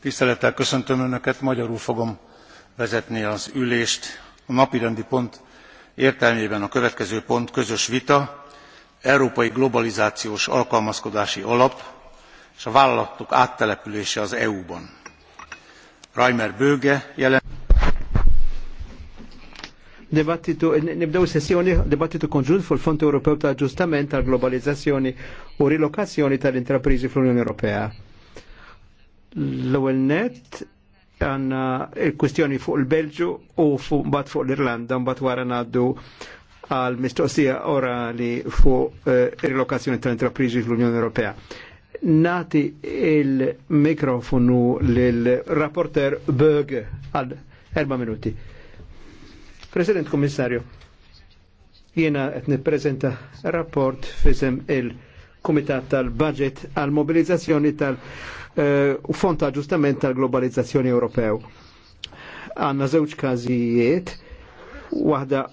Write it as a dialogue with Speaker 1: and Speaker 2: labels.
Speaker 1: Tisztelettel köszöntöm Önöket, magyarul
Speaker 2: fogom vezetni az ülést. A rendi pont értelmében a következő pont közös vita, Európai Globalizációs Alkalmazkodási Alap és a vállalatok áttelepülése az EU-ban. Reimer Böge jelen.
Speaker 3: Dibattitu, nibdaw sessjoni dibattitu konġunt fil fond Ewropew ta' Aġġustament tal globalizzazzjoni u rilokazzjoni tal-intrapriżi fl-Unjoni Ewropea. L-ewwel net għanna il-kwistjoni fuq il-Belġu u fuq bat fuq l-Irlanda mbagħad wara ngħaddu għal mistoqsija orali fuq eh, rilokazzjoni tal-intrapriżi fl-Unjoni Ewropea nati il-mikrofonu l-rapporter Berg għal erba minuti. President Commissario, jiena qed nippreżenta rapport fisem il-Kumitat tal-Budget għal mobilizzazzjoni tal-Fond eh, ta' ġustament tal-Globalizzazzjoni Ewropew. Għanna żewġ każijiet, waħda